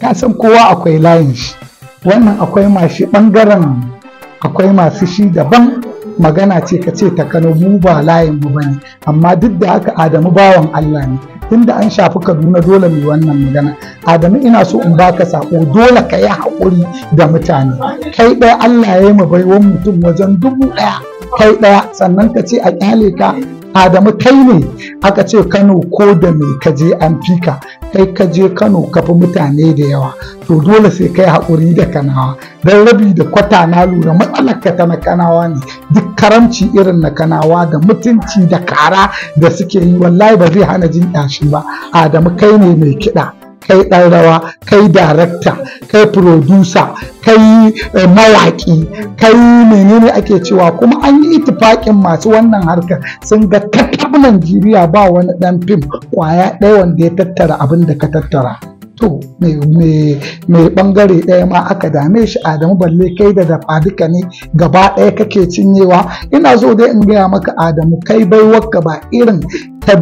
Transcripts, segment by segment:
ka san kowa akwai layin shi wannan akwai mashi bangaren akwai masu shi daban magana ce ka ce ta kano mu ba layin mu bane amma duk da haka adamu bawan Allah ne tunda an shafi kaduna dole mu wannan magana adamu ina so in baka sako dole ka yi haƙuri da mutane kai ɗaya Allah ya yi mu baiwan mutum wajen dubu ɗaya kai ɗaya sannan ka ce a kyale ka adamu kai ne aka ce kano ko da mai kaje an fika kai kaje kano kafi mutane da yawa to dole sai kai haƙuri da kanawa don rabi da kwata na lura matsalar ka ta na kanawa ne duk karamci irin na kanawa da mutunci da kara da suke yi wallahi ba zai hana jin ɗashi ba adamu kai ne mai kiɗa kai ɗan rawa kai darakta kai producer kai eh, mawaƙi kai menene ake cewa kuma an yi itifaƙin masu wannan harkar sun ga kakab najeriya ba wani ɗan fim kwaya ɗaya wanda ya tattara abin da ka tattara to mai bangare ɗaya ma aka dame shi adamu balle kai da dafa duka ne gaba ɗaya kake cinyewa ina so dai in gaya maka adamu kai baiwarka ba irin ta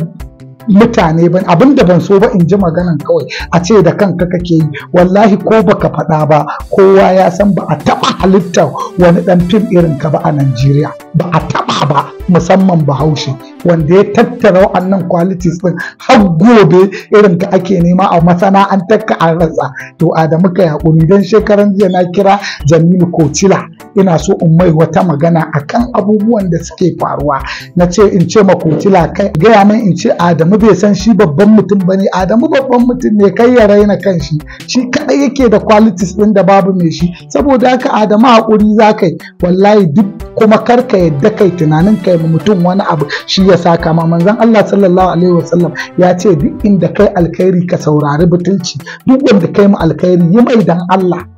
mutane ba abin da ban so ba in ji maganan kawai a ce da kanka kake yi wallahi ko baka faɗa ba kowa ya san ba a taɓa halittar wani ɗan fim irin ka ba a Najeriya ba a taɓa ba musamman bahaushe wanda ya tattara wa'annan qualities ɗin har gobe irin ka ake nema a masana'antar ka an ratsa. to Adamu da muka yaƙuri don shekaran jiya na kira Jamilu Kocila ina so in mai wata magana akan abubuwan da suke faruwa na ce in ce makotila kai gaya min in ce adamu bai san shi babban mutum ba ne adamu babban mutum ne kai ya raina kan shi shi kadai yake da qualities ɗin da babu mai shi saboda haka adamu hakuri za kai wallahi duk kuma kar ka yadda kai tunanin kai mutum wani abu shi ya saka ma manzon Allah sallallahu alaihi wasallam ya ce duk inda kai alkhairi ka saurari butulci duk wanda kai mu alkhairi yi mai dan Allah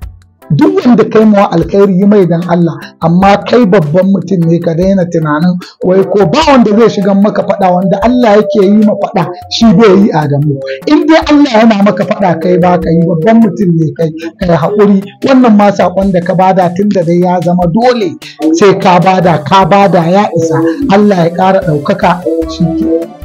duk wanda kai mawa alkhairi yi mai dan Allah amma kai babban mutum ne ka daina tunanin wai ko ba wanda zai shiga maka fada wanda Allah yake yi ma fada shi bai yi adamu in dai Allah yana maka fada kai ba ka yi babban mutum ne kai kai hakuri. wannan ma sakon da ka bada tun da dai ya zama dole sai ka bada ka bada ya isa Allah ya ƙara ɗaukaka shi ke.